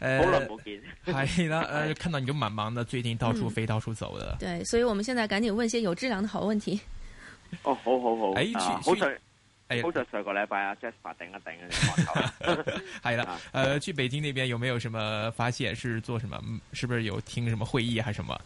誒，好耐冇見，係啦，誒，看到你就蠻忙的，最近到處飛到處走的、 嗯。對，所以我們現在趕緊問一些有質量的好問題。哦，好，好，好，哎，好，好，誒、哎，好在，誒，好在上個禮拜阿 Jasper 頂一頂啊，係啦，誒，去北京那邊有沒有什麼發現？是做什麼？是不是有聽什麼會議還是什麼？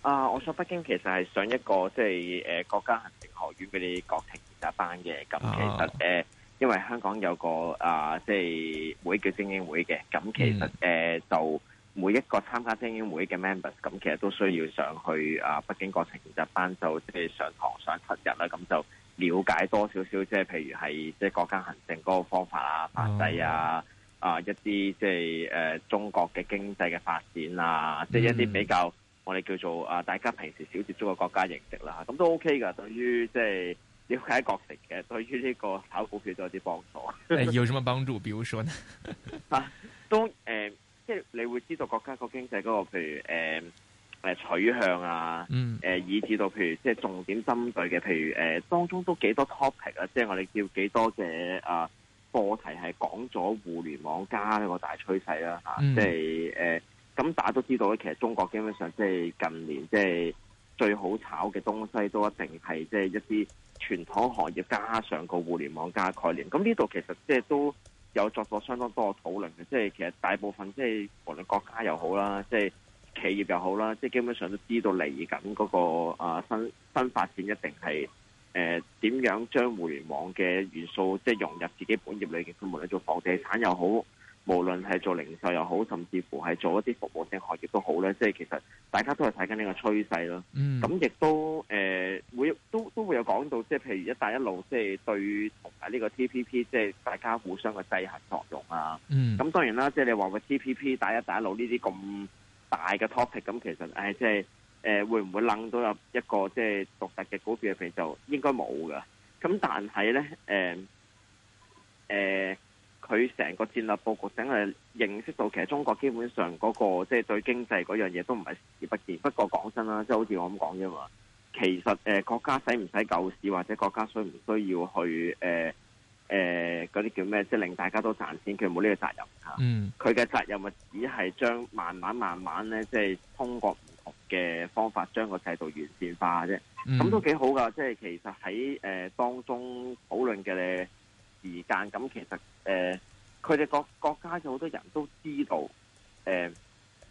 啊，我上北京其實係上一個即係誒國家行政學院嘅國庭研習班嘅，咁、嗯啊、其實誒。呃因為香港有個啊，即、呃、係、就是、會叫精英會嘅，咁其實誒、mm. 呃、就每一個參加精英會嘅 members，咁、呃、其實都需要上去啊、呃，北京國情研習班就即係上堂上七日啦，咁、呃、就了解多少少，即係譬如係即係國家行政嗰個方法啊、法制啊、啊、okay. 呃、一啲即係誒中國嘅經濟嘅發展啊，即、mm. 係一啲比較我哋叫做啊、呃，大家平時少接觸嘅國家認識啦，咁都 OK 㗎，對於即係，就是了解國情嘅，對於呢個炒股票都有啲幫助。 有什麼幫助？比如說呢？吓 、啊，都誒、呃，即係你會知道國家個經濟嗰、那個，譬如誒誒、呃、取向啊，誒、嗯呃，以至到譬如即係重點針對嘅，譬如誒、呃、當中都幾多 topic 幾多啊，是啊、嗯、啊，即係我哋叫幾多嘅啊課題係講咗互聯網加呢個大趨勢啦，吓、呃，即係誒，咁大家都知道咧，其實中國基本上即係近年即係最好炒嘅東西都一定係即係一啲。傳統行業加上個互聯網加概念，咁呢度其實即係都有作過相當多嘅討論嘅，即係其實大部分即係無論國家又好啦，即係企業又好啦，即係基本上都知道嚟緊嗰個啊新新發展一定係誒點樣將互聯網嘅元素即係融入自己本業裏面，無論做房地產又好，無論係做零售又好，甚至乎係做一啲服務性行業都好咧，即係其實大家都係睇緊呢個趨勢咯。咁、嗯、亦都誒、呃、會都都會有講到，即係譬如一帶一路，即係對同埋呢個 T P P，即係大家互相嘅制衡作用啊。咁、嗯、當然啦，即、就、係、是、你話個 T P P、一帶一路呢啲咁大嘅 topic，咁其實誒即係誒會唔會掕到入一個即係獨特嘅股票？譬如就應該冇㗎。咁但係咧誒誒。呃呃佢成個戰略佈局，等係認識到其實中國基本上嗰個即係對經濟嗰樣嘢都唔係視而不見。不過講真啦，即係好似我咁講啫嘛。其實誒國家使唔使救市，或者國家需唔需要去誒誒嗰啲叫咩，即係令大家都賺錢，佢冇呢個責任嚇。嗯，佢嘅責任咪只係將慢慢慢慢咧，即係通過唔同嘅方法將個制度完善化啫。咁都幾好噶，即係其實喺誒當中討論嘅咧。時間咁其實誒，佢哋各國家有好多人都知道誒、呃，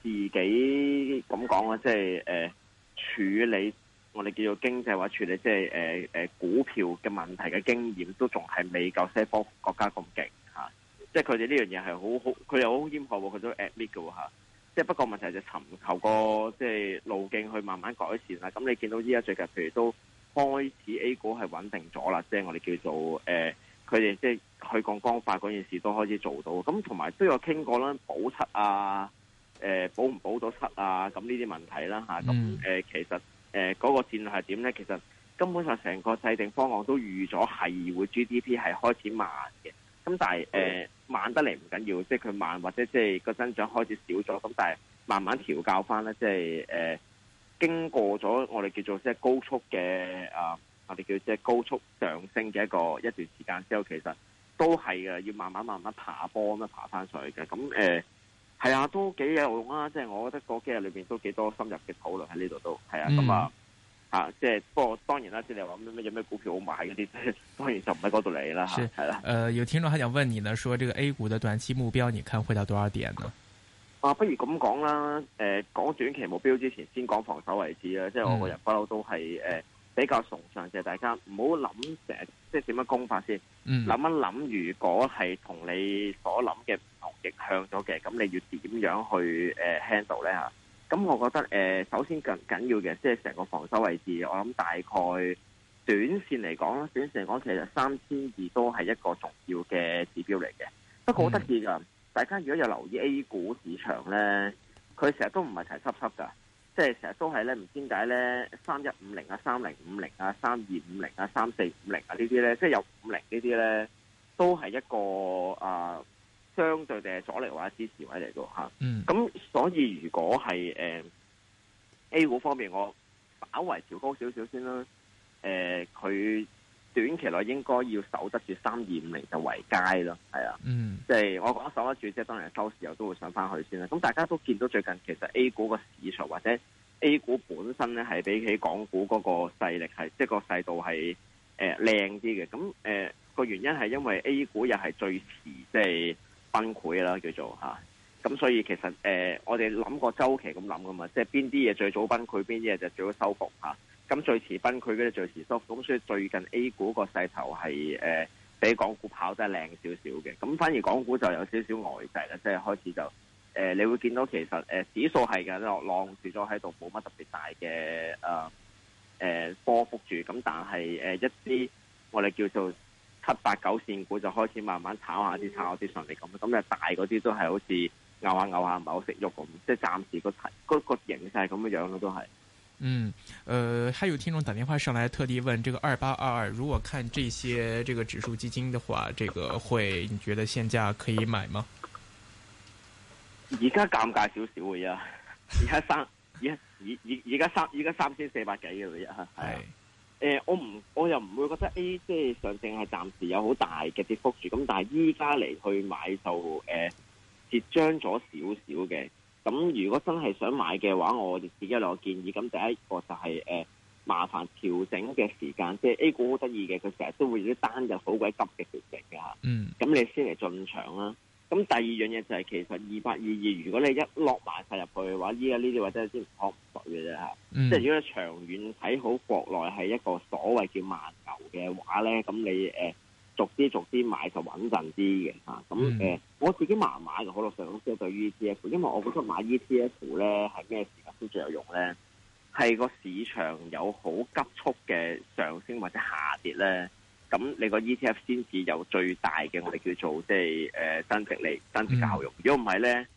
自己咁講、呃就是呃、啊，即係誒處理我哋叫做經濟或處理即係誒誒股票嘅問題嘅經驗，都仲係未夠西方國家咁勁吓。即係佢哋呢樣嘢係好好，佢哋好謙虛，佢都 admit 噶吓。即、啊、係不過問題是就尋求個即係路徑去慢慢改善啦。咁、啊、你見到依家最近，譬如都開始 A 股係穩定咗啦，即係我哋叫做誒。呃佢哋即係去降光，光化嗰件事都開始做到，咁同埋都有傾過啦，保七啊，誒保唔保到七啊？咁呢啲問題啦嚇，咁、嗯、誒、啊呃、其實誒嗰、呃嗰個戰略係點咧？其實根本上成個制定方案都預咗係會 GDP 係開始慢嘅，咁但係誒、呃嗯、慢得嚟唔緊要，即係佢慢或者即係個增長開始少咗，咁但係慢慢調教翻咧，即係誒、呃、經過咗我哋叫做即係高速嘅啊。呃我哋叫即係高速上升嘅一個一段時間之後，其實都係嘅，要慢慢慢慢爬坡咁樣爬翻上去嘅。咁誒，係、呃、啊，都幾有用啊！即、就、係、是、我覺得個今日裏邊都幾多深入嘅討論喺呢度都係啊。咁、嗯、啊，吓，即係，不過當然啦，即係你話咩咩有咩股票好買嗰啲，當然就唔喺嗰度嚟啦。係啦、啊，誒、呃，有聽眾還想問你呢，說這個 A 股嘅短期目標，你看會到多少點呢？啊，不如咁講啦。誒、呃，講短期目標之前，先講防守位置啦。即、就、係、是、我個人不嬲都係誒。嗯呃比較崇尚，謝、就是，大家唔好諗成日即係點樣攻法先。諗、嗯、一諗，如果係同你所諗嘅唔同逆向咗嘅，咁你要點樣去誒 handle 咧吓？咁我覺得誒、呃，首先更緊要嘅，即係成個防守位置，我諗大概短線嚟講，短線嚟講，其實三千二都係一個重要嘅指標嚟嘅。不過好得意噶、嗯，大家如果有留意 A 股市場咧，佢成日都唔係齊濕濕噶。即係成日都係咧，唔知點解咧，三一五零啊，三零五零啊，三二五零啊，三四五零啊，呢啲咧，即係有五零呢啲咧，都係一個啊，相對嘅阻力或者支持位嚟㗎吓。咁、啊嗯、所以如果係誒、呃、A 股方面，我稍微調高少少先啦。誒、呃，佢。短期內應該要守得住三二五零就為佳咯，係啊，即、嗯、係我講守得住，即係當然收市後都會上翻去先啦。咁大家都見到最近其實 A 股個市場或者 A 股本身咧係比起港股嗰個勢力係，即係、就是、個勢度係誒靚啲嘅。咁誒個原因係因為 A 股又係最遲即係崩潰啦，叫做嚇。咁、啊、所以其實誒、呃、我哋諗個周期咁諗啊嘛，即係邊啲嘢最早崩潰，邊啲嘢就最早收復嚇。啊咁最遲崩，佢嘅最遲縮，咁所以最近 A 股個勢頭係誒、呃、比港股跑得靚少少嘅，咁反而港股就有少少呆滯啦，即係開始就誒、呃，你會見到其實誒指、呃、數係緊落浪住咗喺度，冇乜特別大嘅誒誒波幅住，咁但係誒、呃、一啲我哋叫做七八九線股就開始慢慢炒一下啲炒一下啲上嚟。咁、嗯，咁啊大嗰啲都係好似拗下拗下唔係好識喐咁，即係暫時、個題、個、形勢係咁嘅樣咯，都係。嗯，誒、呃，還有聽眾打電話上來，特地問：這個二八二二，如果看這些這個指數基金的話，這個會你覺得現價可以買嗎？而家尷尬少少嘅啫，而家三而家而而家三而家三,三,三千四百幾嘅啫吓，係、啊，誒、呃，我唔我又唔會覺得，誒，即係上證係暫時有好大嘅跌幅住，咁但係依家嚟去買就誒跌張咗少少嘅。呃咁如果真係想買嘅話，我自己有兩個建議。咁第一個就係、是、誒、呃，麻煩調整嘅時間。即係 A 股好得意嘅，佢成日都會有啲單日好鬼急嘅調整嘅，嗯。咁你先嚟進場啦。咁第二樣嘢就係、是、其實二八二二，如果你一落埋晒入去嘅話，依家呢啲或者係啲唔學唔熟嘅啫嚇。即係如果你長遠睇好國內係一個所謂叫慢牛嘅話咧，咁你誒。呃逐啲逐啲買就穩陣啲嘅嚇，咁誒我自己麻麻嘅，可能上咗車對於 E T F，因為我覺得買 E T F 咧係咩時間都最有用咧？係個市場有好急速嘅上升或者下跌咧，咁你個 E T F 先至有最大嘅我哋叫做即係誒增值嚟，增值效用，如果唔係咧。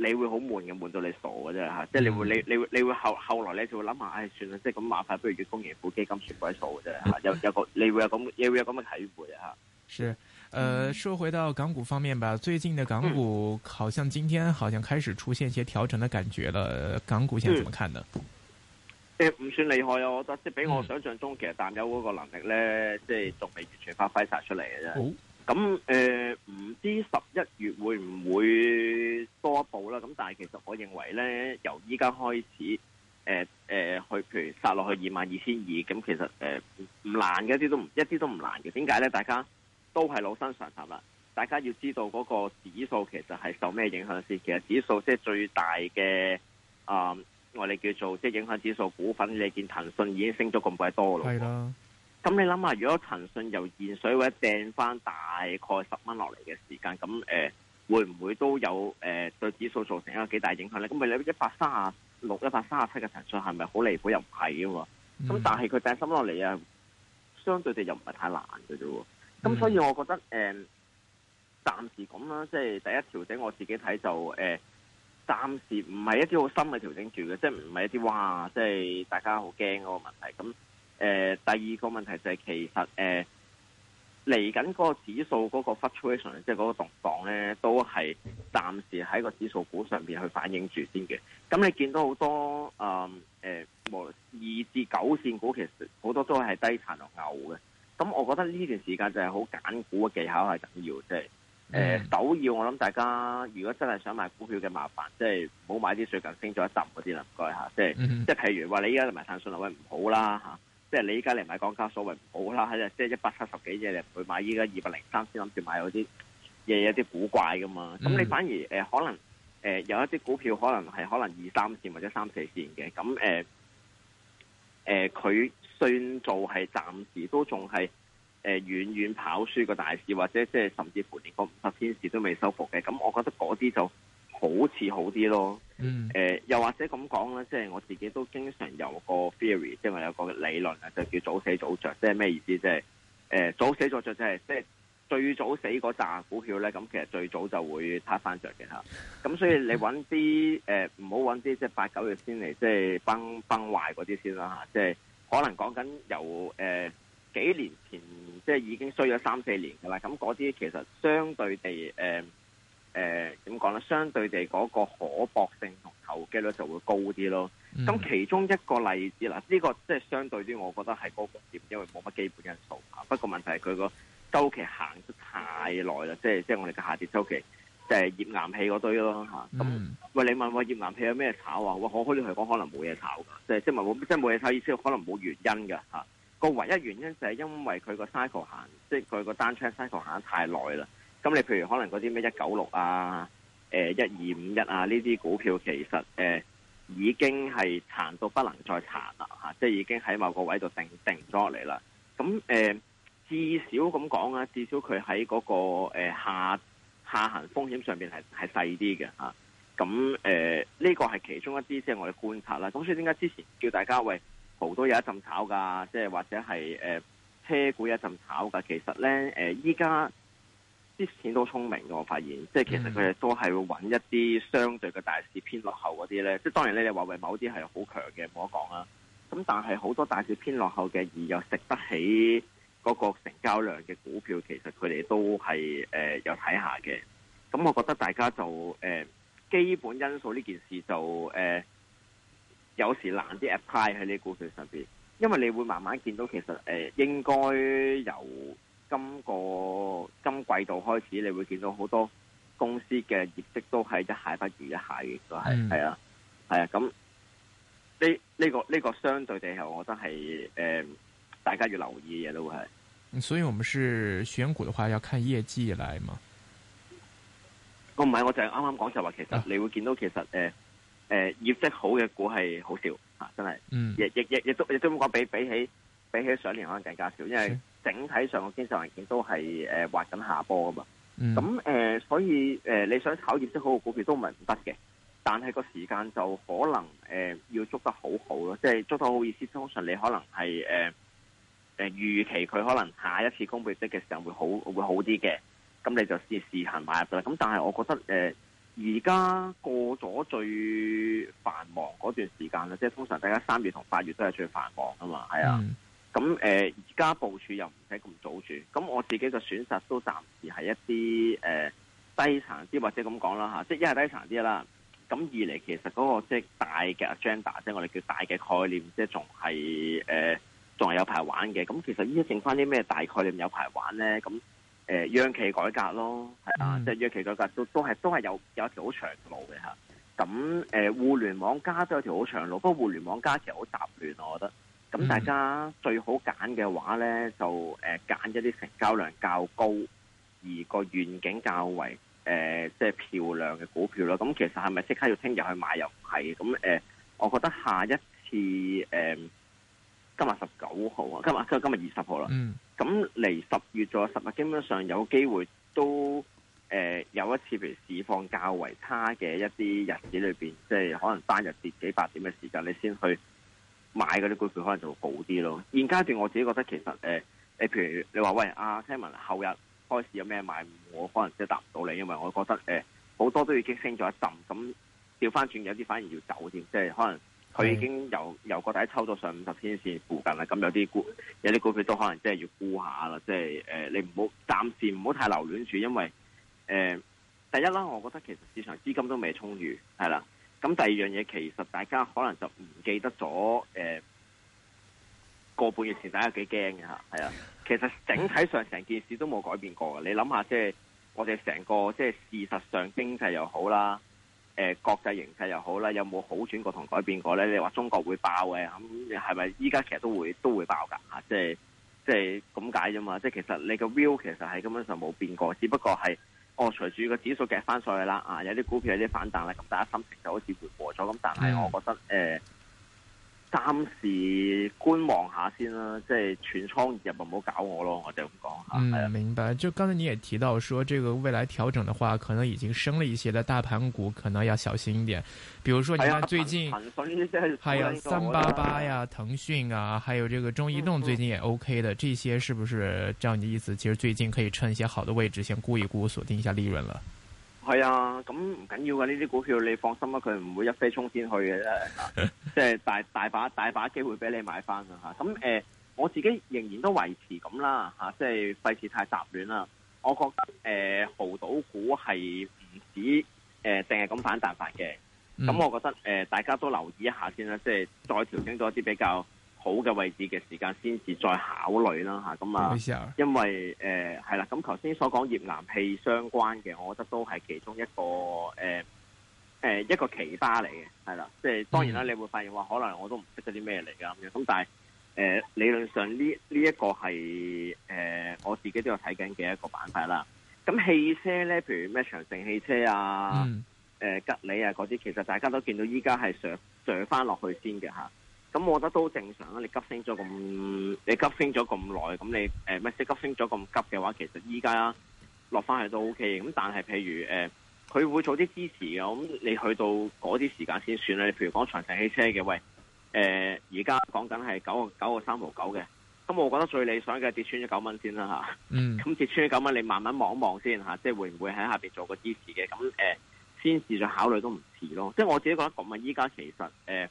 你會好悶嘅，悶到你傻嘅啫嚇，即、嗯、係你會你你會你會後後來你就會諗下，唉、哎，算啦，即係咁麻煩，不如月供盈富基金算鬼數嘅啫嚇，有有個你會有咁，亦會有咁嘅體會啊嚇。是，呃，說回到港股方面吧，最近嘅港股好像今天好像開始出現一些調整嘅感覺了。嗯、港股現在怎麼看呢？即、嗯、誒，唔、欸、算厲害啊，我覺得，即係比我想像中、嗯、其實擔憂嗰個能力咧，即係仲未完全發揮晒出嚟嘅啫。哦。咁誒唔知十一月會唔會多一步啦？咁但係其實我認為咧，由依家開始誒誒去譬如殺落去二萬二千二，咁其實誒唔、呃、難嘅一啲都唔一啲都唔難嘅。點解咧？大家都係老生常談啦。大家要知道嗰個指數其實係受咩影響先？其實指數即係最大嘅啊、呃，我哋叫做即係影響指數股份。你見騰訊已經升咗咁鬼多咯。係啦。咁你諗下，如果騰訊由現水位掟翻大概十蚊落嚟嘅時間，咁誒、呃、會唔會都有誒、呃、對指數造成一個幾大影響咧？咁咪你一百三十六、一百三十七嘅騰訊係咪好離譜又唔係喎。咁、嗯、但係佢掟十蚊落嚟啊，相對地又唔係太難嘅啫。咁所以我覺得誒，暫、呃、時咁啦，即係第一調整，我自己睇就誒，暫、呃、時唔係一啲好深嘅調整住嘅，即係唔係一啲哇，即係大家好驚嗰個問題咁。誒、呃，第二個問題就係、是、其實誒嚟緊個指數嗰個 fluctuation 即係嗰個動盪咧，都係暫時喺個指數股上邊去反映住先嘅。咁你見到好多誒，誒、嗯呃，二至九綫股其實好多都係低同牛嘅。咁我覺得呢段時間就係好揀股嘅技巧係緊要，即係誒，呃 mm -hmm. 首要我諗大家如果真係想買股票嘅麻煩，即係唔好買啲最近升咗一浸嗰啲啦，唔該吓。即係即係譬如話你依家嚟買騰訊，因為唔好啦吓。即係你依家嚟買港交所謂唔好啦，喺度即係一百七十幾嘢，你唔會買依家二百零三先諗住買嗰啲嘢，有啲古怪噶嘛。咁、嗯、你反而誒、呃，可能誒、呃、有一啲股票，可能係可能二三綫或者三四綫嘅。咁誒誒，佢、呃呃、算做係暫時都仲係誒遠遠跑輸個大市，或者即係甚至乎連個五十天線都未收復嘅。咁我覺得嗰啲就好似好啲咯。嗯，誒、呃、又或者咁講啦，即係我自己都經常有個 theory，即係話有個理論咧，就叫做早死早着。即係咩意思？即係誒早死早着，就是，即係即係最早死嗰扎股票咧，咁其實最早就會撻翻着嘅嚇。咁所以你揾啲誒唔好揾啲即係八九月先嚟，即係崩崩壞嗰啲先啦嚇。即係可能講緊由誒幾年前即係已經衰咗三四年嘅啦，咁嗰啲其實相對地誒。呃誒點講咧？相對地嗰個可搏性同投機率就會高啲咯。咁、嗯、其中一個例子啦，呢、這個即係相對於我覺得係高個點，因為冇乜基本因素嚇。不過問題係佢個周期行得太耐啦，即係即係我哋嘅下跌周期，就係頁岩氣嗰堆咯嚇。咁、嗯、喂，你問岩我頁岩氣有咩炒，炒啊？我可以同你講，可能冇嘢炒嘅，即係即係冇即係冇嘢炒意思，可能冇原因嘅嚇。個唯一原因就係因為佢個 cycle 行，即係佢個單車 cycle 行得太耐啦。咁你譬如可能嗰啲咩一九六啊、誒一二五一啊呢啲股票，其實誒、呃、已經係殘到不能再殘啦嚇、啊，即係已經喺某個位度定定咗落嚟啦。咁誒、呃，至少咁講啊，至少佢喺嗰個、呃、下下行風險上邊係係細啲嘅嚇。咁、啊、誒，呢、呃這個係其中一啲即係我哋觀察啦。咁、啊、所以點解之前叫大家喂好多有一陣炒㗎，即係或者係誒、呃、車股有一陣炒㗎？其實咧誒，依、呃、家。現在啲錢都聰明嘅，我發現，即係其實佢哋都係會揾一啲相對嘅大市偏落後嗰啲呢。即係當然你哋話為某啲係好強嘅冇得講啦。咁但係好多大市偏落後嘅，而又食得起嗰個成交量嘅股票，其實佢哋都係誒、呃、有睇下嘅。咁我覺得大家就誒、呃、基本因素呢件事就誒、呃、有時難啲 apply 喺啲股票上邊，因為你會慢慢見到其實誒、呃、應該由，今個今季度開始，你會見到好多公司嘅業績都係一蟹不如一蟹嘅，都係係啊，係啊，咁呢呢個呢、這個相對地係，我覺得係誒，大家要留意嘅都會係。所以，我們是選股的話，要看業績來嘛？我唔係，我就係啱啱講就話，其實你會見到，其實誒誒、啊呃，業績好嘅股係好少、啊、真係，亦亦亦亦都亦都冇講比比起比起，比起上年可能更加少，因為。整體上個經濟環境都係誒滑緊下波噶嘛，咁、嗯、誒、呃、所以誒、呃、你想炒業績好嘅股票都唔係唔得嘅，但係個時間就可能誒、呃、要捉得好好咯，即係捉得好意思。通常你可能係誒誒預期佢可能下一次公佈息嘅時候會好會好啲嘅，咁你就試試行買入去啦。咁但係我覺得誒而家過咗最繁忙嗰段時間啦，即係通常大家三月同八月都係最繁忙噶嘛，係、嗯、啊。咁、呃、而家部署又唔使咁早住，咁我自己嘅選擇都暫時係一啲、呃、低層啲，或者咁講啦嚇，即係一係低層啲啦。咁二嚟其實嗰、嗰個即係大嘅 agenda，即係我哋叫大嘅概念，即係仲係、呃、仲係有排玩嘅。咁其實依家剩翻啲咩大概念有排玩咧？咁、呃、央企改革咯，係啊，嗯、即係央企改革都都係都係有有一條好長路嘅嚇。咁、呃、互聯網加都有條好長路，不過互聯網加其實好雜亂，我覺得。咁、嗯、大家最好揀嘅話呢，就誒揀、呃、一啲成交量較高，而個願景較為誒、呃、即係漂亮嘅股票咯。咁其實係咪即刻要聽日去買又唔係咁誒，我覺得下一次誒今日十九號啊，今日今，今日二十號啦。咁嚟十月咗十日，基本上有機會都誒、呃、有一次譬如市況較為差嘅一啲日子裏邊，即係可能單日跌幾百點嘅時間，你先去買嗰啲股票可能就會好啲咯。現階段我自己覺得其實誒誒、呃，譬如你話喂阿、啊、聽聞後日開始有咩買，我可能真係答唔到你，因為我覺得誒好、呃、多都已經升咗一陣，咁調翻轉有啲反而要走添，即係可能佢已經由由、嗯、個底抽咗上五十天線附近啦。咁有啲股有啲股票都可能真係要沽下啦，即係誒、呃、你唔好暫時唔好太留戀住，因為誒、呃、第一啦，我覺得其實市場資金都未充裕，係啦。咁第二樣嘢其實大家可能就唔記得咗，誒、呃、個半月前大家幾驚嘅吓，係啊。其實整體上成件事都冇改變過嘅。你諗下，即係我哋成個即係事實上經濟又好啦，誒、呃、國際形勢又好啦，有冇好轉過同改變過咧？你話中國會爆嘅，咁你係咪依家其實都會都會爆㗎？嚇、啊，即係即係咁解啫嘛。即係其實你個 view 其實係根本上冇變過，只不過係。哦，隨住個指數夾翻上去啦，啊，有啲股票有啲反彈啦，咁大家心情就好似緩和咗，咁但係我覺得誒。呃暫時觀望下先啦，啊，即係全倉入唔好搞我咯，我就講下。嗯，明白。就剛才你也提到說，這個未來調整的話，可能已經升了一些的大盤股，可能要小心一點。比如說，你睇最近，還有三八八呀，騰訊啊，還有這個中移動最近也 OK 的，這些是不是？照你的意思，其實最近可以趁一些好的位置先沽一沽，鎖定一下利潤了。係啊，咁唔緊要嘅，呢啲股票你放心啦，佢唔會一飛沖天去嘅啫。 即係大大把大把機會俾你買翻嘅吓。咁、啊、誒、呃，我自己仍然都維持咁啦吓，即係費事太雜亂啦。我覺得誒，濠賭股係唔止誒，淨係咁反彈法嘅。咁 我覺得誒、呃，大家都留意一下先啦，即係再調整咗一啲比較。好嘅位置嘅時間先至再考慮啦嚇，咁啊，啊，因為誒係、呃、啦，咁頭先所講頁岩氣相關嘅，我覺得都係其中一個誒誒、呃呃、一個奇葩嚟嘅，係啦，即係當然啦、嗯，你會發現話可能我都唔識得啲咩嚟㗎咁樣，咁但係誒、呃、理論上呢呢一個係誒、呃、我自己都有睇緊嘅一個板塊啦。咁汽車咧，譬如咩長城汽車啊、誒、嗯呃、吉利啊嗰啲，其實大家都見到依家係上上翻落去先嘅嚇。咁我覺得都正常啦，你急升咗咁，你急升咗咁耐，咁你誒咩、呃、即急升咗咁急嘅話，其實依家、啊、落翻去都 OK。咁但係譬如誒，佢、呃、會做啲支持嘅，咁你去到嗰啲時間先算啦。你譬如講長城汽車嘅，喂誒，而家講緊係九個九個三毫九嘅，咁我覺得最理想嘅係跌穿咗九蚊先啦、啊、吓，咁、嗯、跌穿咗九蚊，你慢慢望一望先吓、啊，即係會唔會喺下邊做個支持嘅？咁誒、呃，先至再考慮都唔遲咯。即係我自己覺得咁啊，依家其實誒。呃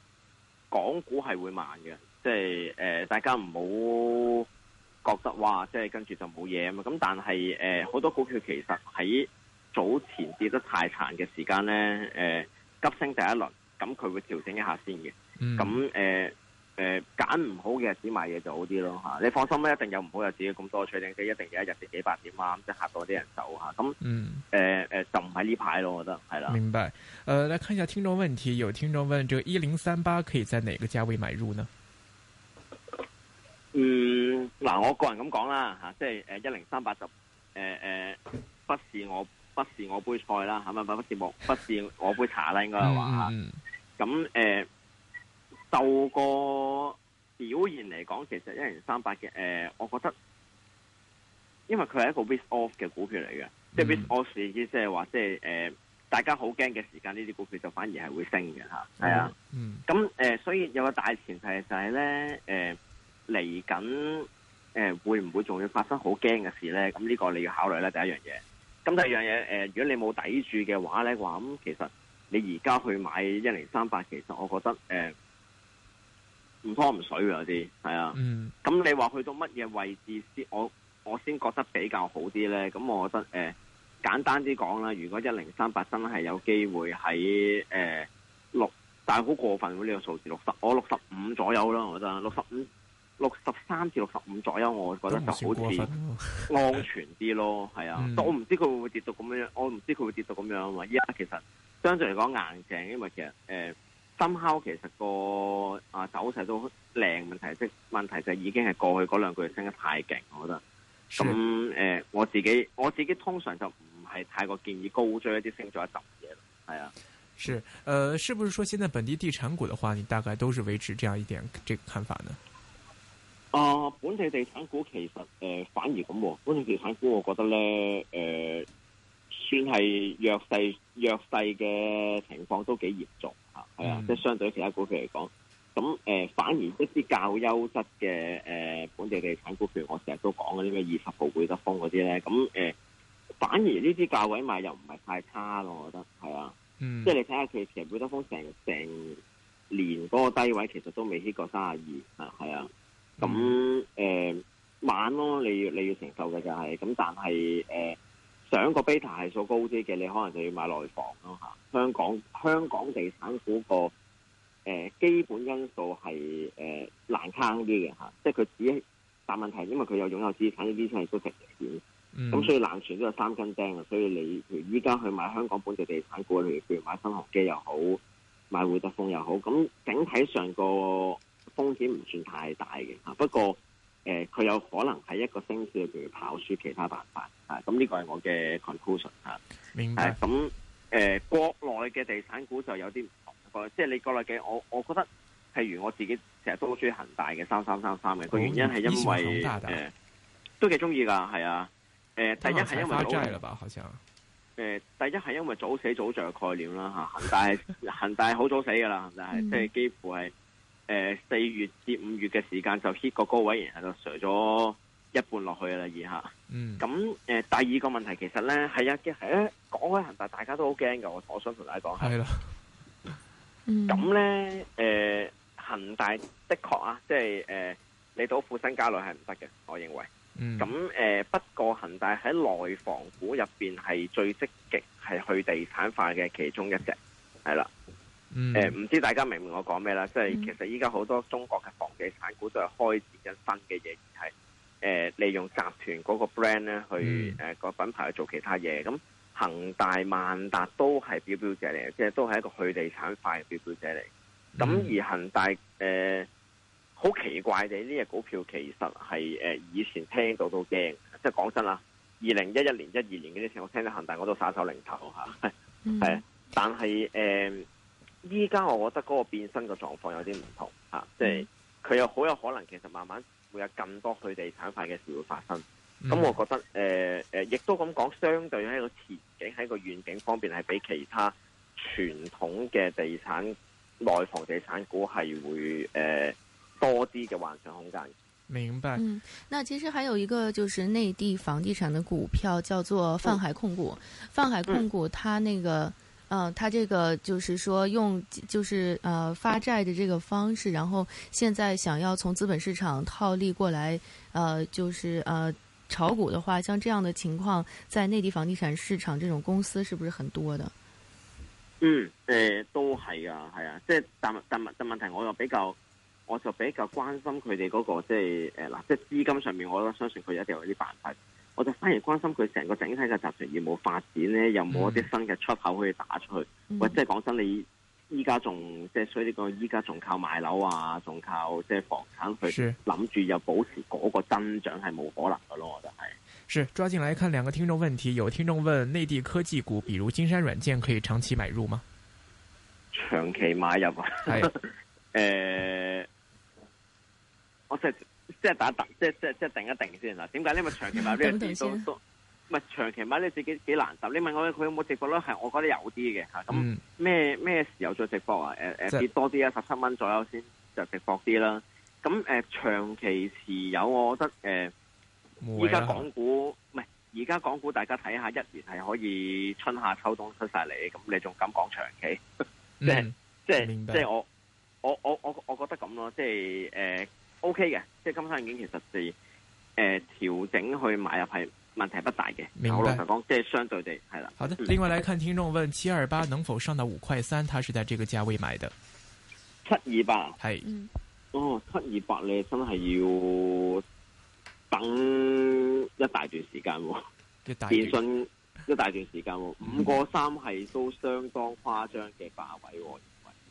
港股係會慢嘅，即係誒，大家唔好覺得哇，即係跟住就冇嘢啊。咁但係誒，好、呃、多股票其實喺早前跌得太慘嘅時間咧，誒、呃、急升第一輪，咁佢會調整一下先嘅。咁、嗯、誒。誒，揀唔好嘅日子買嘢就好啲咯吓，你放心啦，一定有唔好日子，咁多取定機一定有一日跌幾百點啊，即係嚇到啲人走吓，咁誒誒，就唔喺呢排咯，我覺得係啦。明白，誒、呃，來看一下聽眾問題，有聽眾問，這個一零三八可以在哪個價位買入呢？嗯，嗱、呃，我個人咁講啦吓，即係誒一零三八就誒、是、誒、呃呃，不是我不是我杯菜啦，吓、啊、咪？不是我不是我杯茶啦，應該係話吓，咁、嗯、誒。嗯啊呃就個表現嚟講，其實一零三八嘅誒，我覺得，因為佢係一個 risk off 嘅股票嚟嘅，即係 risk off 意思即係話，即係誒，大家好驚嘅時間，呢啲股票就反而係會升嘅吓，係、嗯、啊，咁、嗯、誒、呃，所以有個大前提就係、是、咧，誒嚟緊誒會唔會仲要發生好驚嘅事咧？咁呢個你要考慮咧，第一樣嘢，咁第二樣嘢，誒、呃，如果你冇抵住嘅話咧，話咁、嗯、其實你而家去買一零三八，其實我覺得誒。呃唔拖唔水嗰啲，係啊，咁、嗯、你話去到乜嘢位置先？我我先覺得比較好啲呢。咁我覺得，誒、呃，簡單啲講啦，如果一零三八真係有機會喺誒六，呃、6，但係好過分呢個數字六十，我六十五左右啦，我覺得六十五、六十三至六十五左右，我覺得就好似安全啲咯。係啊， 嗯、但我唔知佢會唔會跌到咁樣，我唔知佢會跌到咁樣啊嘛。而家其實相對嚟講硬淨，因為其實誒。呃深烤其實個啊走勢都靚，問題即問題就是已經係過去嗰兩個月升得太勁，我覺得。咁、呃、我自己我自己通常就唔係太過建議高追一啲升咗一陣嘢啦，係啊。是，呃，是不是說現在本地地產股的話，你大概都是維持這樣一點這個看法呢？啊、呃，本地地產股其實誒、呃、反而咁，本地地產股我覺得咧誒、呃，算係弱勢弱勢嘅情況都幾嚴重。係啊，即係相對其他股票嚟講，咁誒、呃、反而一啲較優質嘅誒本地地產股票，我成日都講嗰啲咩二十號會德豐嗰啲咧，咁誒、呃、反而呢啲價位買又唔係太差咯，我覺得係啊，即、嗯、係、就是、你睇下佢其實會德豐成成年嗰個低位其實都未起過三十二啊，係啊，咁誒、嗯呃、慢咯，你，你要你要承受嘅就係、是、咁，但係誒。呃想個 beta 係數高啲嘅，你可能就要買內房咯嚇、啊。香港香港地產股個誒、呃、基本因素係誒、呃、難撐啲嘅嚇，即係佢只。但問題是因為佢有擁有資產，呢啲嘢都值錢。咁、嗯、所以爛船都有三斤釘啊。所以你依家去買香港本地地產股，譬如買新鴻基又好，買會德豐又好，咁整體上個風險唔算太大嘅嚇、啊。不過，誒、呃，佢有可能喺一個星期，裏邊跑輸其他辦法，啊、嗯，咁呢個係我嘅 conclusion 吓、嗯。明白。咁、嗯、誒、嗯呃，國內嘅地產股就有啲唔同，即係你國內嘅，我我覺得譬如我自己成日都好中意恒大嘅三三三三嘅，個原因係因為誒、呃，都幾中意噶，係啊，誒、呃，第一係因，、呃、因為早死早著嘅概念啦吓，恒、啊、大恒 大好早死噶啦，恒大即係幾乎係。嗯。誒、呃，四月至五月嘅時間就 hit 個高位，然後就 drop 咗一半落去啦，以下。嗯，咁誒、呃，第二個問題其實咧係一嘅係咧，講起恒大，大家都好驚噶。我我想同大家講下。係啦。咁、嗯、咧，誒，恒、呃、大的確啊，即係誒、呃，你到富新加類係唔得嘅，我認為。咁、嗯、誒、呃，不過恒大喺內房股入邊係最積極，係去地產化嘅其中一隻，係啦、啊。誒、嗯，唔、呃、知道大家明唔明我講咩啦？即、就、係、是、其實依家好多中國嘅房地產股都係開始跟新嘅嘢，而係誒、呃、利用集團嗰個 brand 咧去誒個、嗯呃、品牌去做其他嘢。咁恒大、萬達都係表表者嚟嘅，即、就、係、是、都係一個去地產化表表者嚟。咁而恒大誒，好、呃、奇怪嘅呢隻股票，其實係誒以前聽到都驚。即係講真啦，二零一一年、一二年嗰啲時候，我聽到恒大我都耍手擰頭吓，係、嗯。但係誒。呃依家我覺得嗰個變身嘅狀況有啲唔同吓，即係佢又好有可能其實慢慢會有更多去地產化嘅事會發生。咁、嗯、我覺得誒誒，亦、呃、都咁講，相對喺一個前景喺個遠景方面係比其他傳統嘅地產內房地產股係會誒、呃、多啲嘅幻想空間。明白。嗯，嗱，其實還有一個就是內地房地產嘅股票叫做泛海控股。嗯、泛海控股，它那個。嗯、呃，他這個就是說用，就是，呃，發債的這個方式，然後現在想要從資本市場套利過來，呃，就是，呃，炒股的話，像這樣的情況，在內地房地產市場，這種公司是不是很多的？嗯，誒、呃，都係啊，係啊，即係但但但問題，我又比較，我就比較關心佢哋嗰個即係，誒嗱，即係、呃、資金上面，我都相信佢一定有啲辦法。我就反而關心佢成個整體嘅集團有冇發展咧，有冇一啲新嘅出口可以打出去？或、嗯、即係講真，你依家仲即係所以呢個依家仲靠買樓啊，仲靠即係房產去諗住又保持嗰個增長係冇可能噶咯，我覺得係。是，抓緊嚟，看兩個聽眾問題。有聽眾問：內地科技股，比如金山軟件，可以長期買入嗎？長期買入啊？誒、 呃，我即係。即係打特，即即即定一定先啦。點解呢？咪長期買呢隻都都，咪長期買你自己幾難受？你問我佢有冇直播咯？係，我覺得有啲嘅嚇。咁咩咩時候再直播啊？誒誒跌多啲啊，十七蚊左右先就直播啲啦。咁誒、呃、長期持有，我覺得誒，依、呃、家、啊、港股唔係，而家港股大家睇下，一年係可以春夏秋冬出晒嚟。咁你仲敢講長期？嗯、 即即即我我我我我覺得咁咯。即係誒。呃 O K 嘅，即係金山硬件其實是誒呃、調整去買入係問題不大嘅，我老實講，即係相對地係啦。好的。另外嚟看，聽眾問七二八能否上到五塊三？他是在這個價位買的七二八，係、嗯、哦，七二八咧真係要等一大段時間，電信一大段時間，五塊三係都相當誇張嘅價位，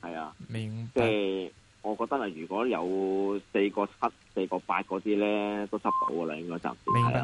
係啊，明白。我覺得啊，如果有四個七、四個八嗰啲咧，都執到㗎啦，應該暫時係